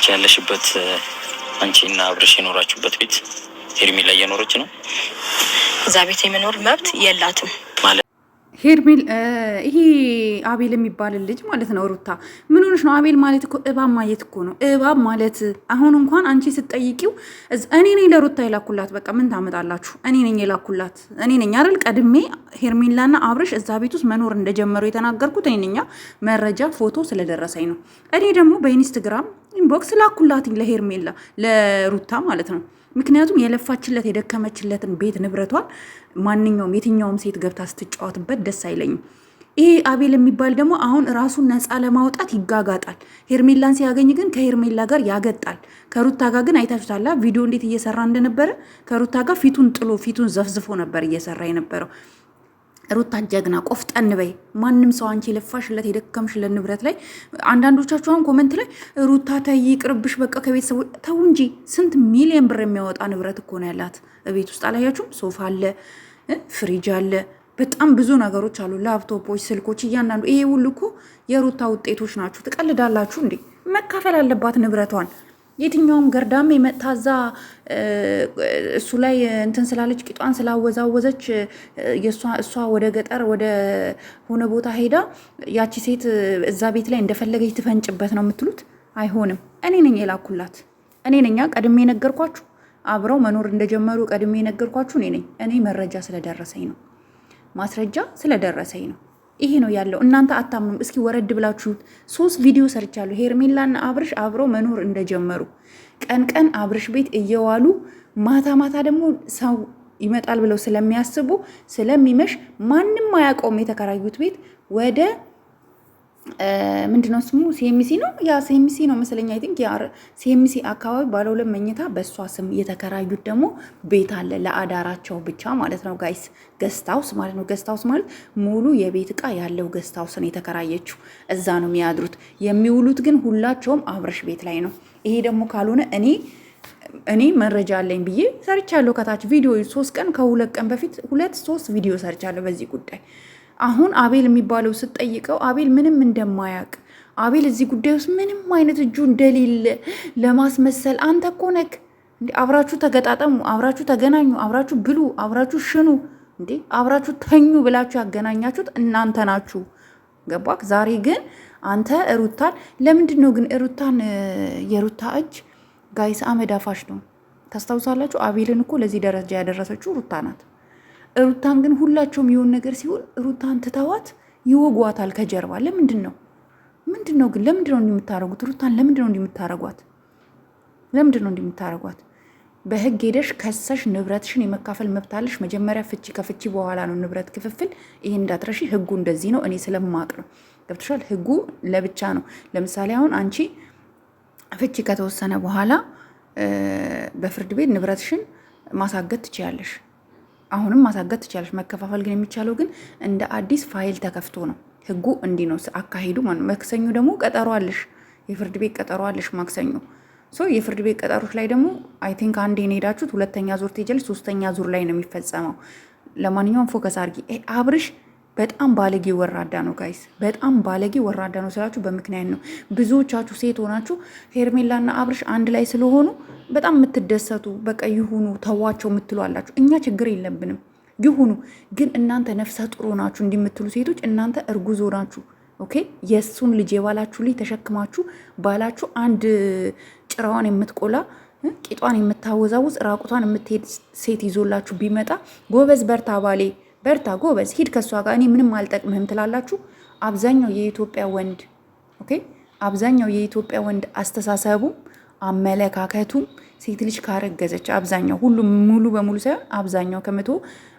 አንቺ ያለሽበት አንቺ እና አብርሽ የኖራችሁበት ቤት ሄርሜላ እየኖረች ነው። እዛ ቤት የመኖር መብት የላትም ማለት ሄርሜል ይሄ አቤል የሚባል ልጅ ማለት ነው። ሩታ ምን ሆነሽ ነው? አቤል ማለት እኮ እባብ ማየት እኮ ነው። እባብ ማለት አሁን እንኳን አንቺ ስትጠይቂው እኔ ነኝ ለሩታ የላኩላት። በቃ ምን ታመጣላችሁ? እኔ ነኝ የላኩላት። እኔ ነኝ አይደል ቀድሜ ሄርሜላና አብርሽ እዛ ቤት ውስጥ መኖር እንደጀመሩ የተናገርኩት እኔ ነኝ። መረጃ ፎቶ ስለደረሰኝ ነው። እኔ ደግሞ በኢንስትግራም ኢንቦክስ ላኩላትኝ ለሄርሜላ ለሩታ ማለት ነው። ምክንያቱም የለፋችለት የደከመችለትን ቤት ንብረቷን ማንኛውም የትኛውም ሴት ገብታ ስትጫወትበት ደስ አይለኝም። ይሄ አቤል የሚባል ደግሞ አሁን ራሱን ነፃ ለማውጣት ይጋጋጣል። ሄርሜላን ሲያገኝ ግን ከሄርሜላ ጋር ያገጣል። ከሩታ ጋር ግን አይታችሁታላ ቪዲዮ እንዴት እየሰራ እንደነበረ። ከሩታ ጋር ፊቱን ጥሎ ፊቱን ዘፍዝፎ ነበር እየሰራ የነበረው። ሩታ ጀግና ቆፍጠን በይ። ማንም ሰው አንቺ ለፋሽለት የደከምሽለት ንብረት ላይ አንዳንዶቻችሁን ኮመንት ላይ ሩታ ተይ ቅርብሽ በቃ ከቤተሰቡ ተው እንጂ። ስንት ሚሊዮን ብር የሚያወጣ ንብረት እኮ ነው ያላት ቤት ውስጥ አላያችሁም? ሶፋ አለ፣ ፍሪጅ አለ፣ በጣም ብዙ ነገሮች አሉ፣ ላፕቶፖች፣ ስልኮች፣ እያንዳንዱ ይሄ ሁሉ እኮ የሩታ ውጤቶች ናችሁ። ትቀልዳላችሁ እንዴ? መካፈል አለባት ንብረቷን። የትኛውም ገርዳሜ የመታዛ እሱ ላይ እንትን ስላለች ቂጧን ስላወዛወዘች እሷ ወደ ገጠር ወደ ሆነ ቦታ ሄዳ ያቺ ሴት እዛ ቤት ላይ እንደፈለገች ትፈንጭበት ነው የምትሉት? አይሆንም። እኔ ነኝ የላኩላት። እኔ ነኛ ቀድሜ ነገርኳችሁ። አብረው መኖር እንደጀመሩ ቀድሜ ነገርኳችሁ። እኔ ነኝ። እኔ መረጃ ስለደረሰኝ ነው፣ ማስረጃ ስለደረሰኝ ነው። ይሄ ነው ያለው። እናንተ አታምኑም። እስኪ ወረድ ብላችሁ ሶስት ቪዲዮ ሰርቻለሁ። ሄርሜላና አብርሽ አብረው መኖር እንደጀመሩ ቀን ቀን አብርሽ ቤት እየዋሉ ማታ ማታ ደግሞ ሰው ይመጣል ብለው ስለሚያስቡ ስለሚመሽ ማንም አያውቀውም የተከራዩት ቤት ወደ ምንድነው ስሙ? ሲኤምሲ ነው ያ ሲኤምሲ ነው መሰለኝ። አይ ቲንክ ሲኤምሲ አካባቢ ባለ ሁለት መኝታ በእሷ ስም የተከራዩት ደግሞ ቤት አለ ለአዳራቸው ብቻ ማለት ነው ጋይስ፣ ገስታውስ ማለት ነው። ገስታውስ ማለት ሙሉ የቤት እቃ ያለው ገስታውስ ነው የተከራየችው። እዛ ነው የሚያድሩት። የሚውሉት ግን ሁላቸውም አብረሽ ቤት ላይ ነው። ይሄ ደግሞ ካልሆነ እኔ እኔ መረጃ አለኝ ብዬ ሰርቻለሁ። ከታች ቪዲዮ ሶስት ቀን ከሁለት ቀን በፊት ሁለት ሶስት ቪዲዮ ሰርቻለሁ በዚህ ጉዳይ አሁን አቤል የሚባለው ስትጠይቀው አቤል ምንም እንደማያውቅ አቤል እዚህ ጉዳይ ውስጥ ምንም አይነት እጁ እንደሌለ ለማስመሰል አንተ እኮ ነክ እንዴ አብራችሁ ተገጣጠሙ፣ አብራችሁ ተገናኙ፣ አብራችሁ ብሉ፣ አብራችሁ ሽኑ፣ እንዴ አብራችሁ ተኙ ብላችሁ ያገናኛችሁት እናንተ ናችሁ። ገባክ? ዛሬ ግን አንተ ሩታን ለምንድን ነው ግን ሩታን የሩታ እጅ ጋይስ አመዳፋሽ ነው። ታስታውሳላችሁ? አቤልን እኮ ለዚህ ደረጃ ያደረሰችው ሩታ ናት። ሩታን ግን ሁላቸውም የሆን ነገር ሲሆን ሩታን ትተዋት ይወጓታል ከጀርባ። ለምንድን ነው ምንድን ነው ግን ለምንድን ነው እንደምታረጉት? ሩታን ለምንድን ነው እንደምታረጓት? ለምንድን ነው እንደምታረጓት? በህግ ሄደሽ ከሰሽ ንብረትሽን የመካፈል መብት አለሽ። መጀመሪያ ፍቺ፣ ከፍቺ በኋላ ነው ንብረት ክፍፍል። ይህ እንዳትረሺ። ህጉ እንደዚህ ነው። እኔ ስለማቅ ነው። ገብቶሻል? ህጉ ለብቻ ነው። ለምሳሌ አሁን አንቺ ፍቺ ከተወሰነ በኋላ በፍርድ ቤት ንብረትሽን ማሳገት ትችያለሽ። አሁንም ማሳገት ትችላለች። መከፋፈል ግን የሚቻለው ግን እንደ አዲስ ፋይል ተከፍቶ ነው። ህጉ እንዲህ ነው አካሄዱ። ማክሰኞ ደግሞ ቀጠሮ አለሽ፣ የፍርድ ቤት ቀጠሮ አለሽ ማክሰኞ ሶ የፍርድ ቤት ቀጠሮች ላይ ደግሞ አይ ቲንክ አንዴ ሄዳችሁት ሁለተኛ ዙር ትሄጃለች። ሶስተኛ ዙር ላይ ነው የሚፈጸመው። ለማንኛውም ፎከስ አድርጊ። አብርሽ በጣም ባለጌ ወራዳ ነው ጋይስ፣ በጣም ባለጌ ወራዳ ነው ስላችሁ በምክንያት ነው። ብዙዎቻችሁ ሴት ሆናችሁ ሄርሜላና አብርሽ አንድ ላይ ስለሆኑ በጣም የምትደሰቱ በቃ ይሁኑ ተዋቸው የምትሉ አላችሁ። እኛ ችግር የለብንም ይሁኑ። ግን እናንተ ነፍሰ ጥሩ ናችሁ እንዲምትሉ ሴቶች እናንተ እርጉዞ ናችሁ። ኦኬ የእሱን ልጅ የባላችሁ ልጅ ተሸክማችሁ ባላችሁ አንድ ጭራዋን የምትቆላ ቂጧን የምታወዛውዝ ራቁቷን የምትሄድ ሴት ይዞላችሁ ቢመጣ ጎበዝ፣ በርታ ባሌ፣ በርታ ጎበዝ፣ ሂድ ከእሷ ጋር እኔ ምንም አልጠቅምህም ትላላችሁ። አብዛኛው የኢትዮጵያ ወንድ ኦኬ አብዛኛው የኢትዮጵያ ወንድ አስተሳሰቡ አመለካከቱም ሴት ልጅ ካረገዘች አብዛኛው ሁሉም ሙሉ በሙሉ ሳይሆን አብዛኛው ከመቶ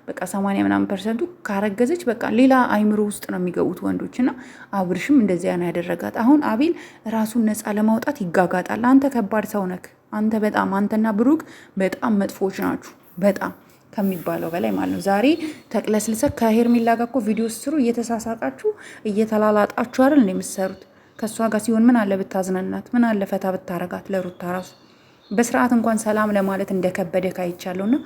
በቃ ሰማንያ ምናምን ፐርሰንቱ ካረገዘች በቃ ሌላ አይምሮ ውስጥ ነው የሚገቡት ወንዶች። እና አብርሽም እንደዚያ ነው ያደረጋት። አሁን አቤል ራሱን ነፃ ለማውጣት ይጋጋጣል። አንተ ከባድ ሰው ነክ። አንተ በጣም አንተና ብሩክ በጣም መጥፎች ናችሁ፣ በጣም ከሚባለው በላይ ማለት ነው። ዛሬ ተቅለስልሰ ከሄርሜላ ጋር እኮ ቪዲዮ ስሩ እየተሳሳቃችሁ እየተላላጣችሁ አይደል ነው የምትሰሩት ከእሷ ጋር ሲሆን ምን አለ ብታዝናናት፣ ምን አለ ፈታ ብታረጋት። ለሩታ ራሱ በስርዓት እንኳን ሰላም ለማለት እንደከበደ ካይቻለሁ እና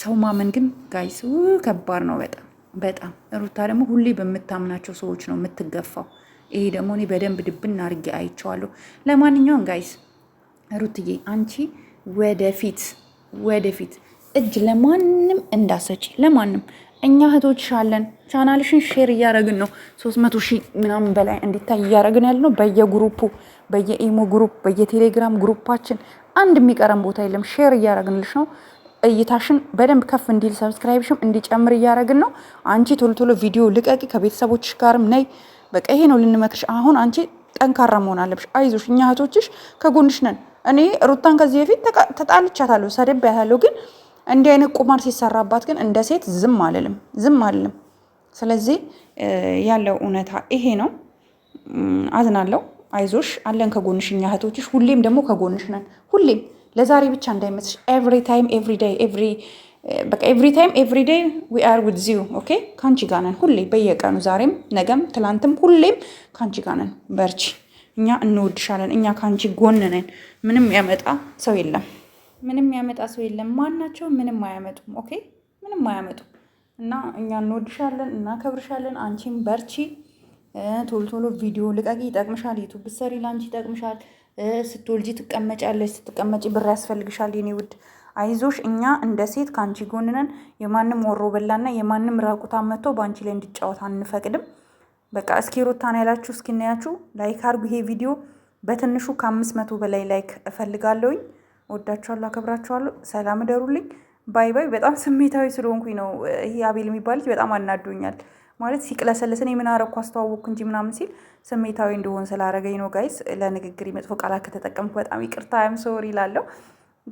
ሰው ማመን ግን ጋይስ ከባድ ነው በጣም በጣም። ሩታ ደግሞ ሁሌ በምታምናቸው ሰዎች ነው የምትገፋው። ይሄ ደግሞ እኔ በደንብ ድብና ርጌ አይቼዋለሁ። ለማንኛውም ጋይስ ሩትዬ አንቺ ወደፊት ወደፊት እጅ ለማንም እንዳሰጪ ለማንም። እኛ እህቶች አለን። ቻናልሽን ሼር እያደረግን ነው። ሶስት መቶ ሺህ ምናምን በላይ እንዲታይ እያደረግን ያለ ነው። በየግሩፑ በየኢሞ ግሩፕ፣ በየቴሌግራም ግሩፓችን አንድ የሚቀረን ቦታ የለም። ሼር እያደረግንልሽ ነው። እይታሽን በደንብ ከፍ እንዲል ሰብስክራይብሽም እንዲጨምር እያደረግን ነው። አንቺ ቶሎ ቶሎ ቪዲዮ ልቀቂ፣ ከቤተሰቦችሽ ጋርም ነይ። በቃ ይሄ ነው ልንመክርሽ። አሁን አንቺ ጠንካራ መሆን አለብሽ። አይዞሽ፣ እኛ እህቶችሽ ከጎንሽ ነን። እኔ ሩታን ከዚህ በፊት ተጣልቻታለሁ፣ ሰደብ ያታለሁ ግን እንዲህ አይነት ቁማር ሲሰራባት ግን እንደ ሴት ዝም አልልም፣ ዝም አልልም። ስለዚህ ያለው እውነታ ይሄ ነው። አዝናለው። አይዞሽ፣ አለን ከጎንሽ እኛ እህቶችሽ፣ ሁሌም ደግሞ ከጎንሽ ነን። ሁሌም ለዛሬ ብቻ እንዳይመስልሽ። ኤቭሪ ታይም ኤቭሪ ዴይ ኤቭሪ በቃ ኤቭሪ ታይም ኤቭሪ ዴይ ዊ አር ዊዝ ዩ ኦኬ። ከአንቺ ጋር ነን ሁሌ፣ በየቀኑ ዛሬም፣ ነገም፣ ትላንትም፣ ሁሌም ከአንቺ ጋር ነን። በርቺ፣ እኛ እንወድሻለን። እኛ ከአንቺ ጎን ነን። ምንም ያመጣ ሰው የለም። ምንም ያመጣ ሰው የለም። ማናቸው ምንም አያመጡም። ኦኬ ምንም አያመጡም። እና እኛ እንወድሻለን፣ እናከብርሻለን። አንቺም በርቺ። ቶሎ ቶሎ ቪዲዮ ልቀቂ፣ ይጠቅምሻል። ዩቱብ ብትሰሪ ለአንቺ ይጠቅምሻል። ስትወልጂ ትቀመጫለች፣ ስትቀመጪ ብር ያስፈልግሻል። የኔ ውድ አይዞሽ፣ እኛ እንደ ሴት ከአንቺ ጎንነን። የማንም ወሮ በላና የማንም ራቁታ መጥቶ በአንቺ ላይ እንዲጫወት አንፈቅድም። በቃ እስኪ ሩታን ያላችሁ እስኪናያችሁ ላይክ አርጉ። ይሄ ቪዲዮ በትንሹ ከአምስት መቶ በላይ ላይክ እፈልጋለሁኝ። ወዳችኋለሁ፣ አከብራችኋለሁ። ሰላም እደሩልኝ። ባይ ባይ። በጣም ስሜታዊ ስለሆንኩኝ ነው። ይሄ አቤል የሚባል ልጅ በጣም አናዶኛል። ማለት ሲቅለሰለስን የምን አረግኩ አስተዋወቅኩ እንጂ ምናምን ሲል ስሜታዊ እንደሆን ስላረገኝ ነው። ጋይስ ለንግግር መጥፎ ቃላት ከተጠቀምኩ በጣም ይቅርታ። አም ሶሪ ላለው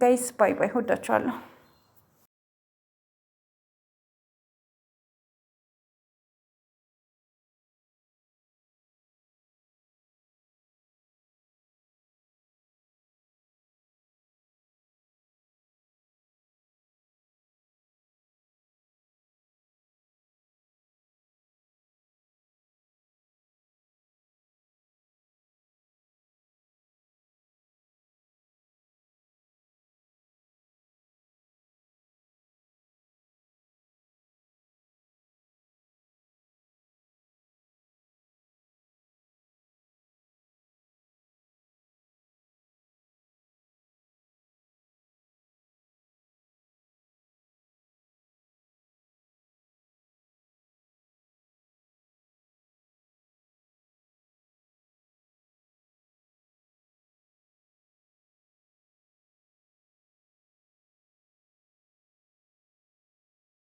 ጋይስ ባይ ባይ። ወዳችኋለሁ።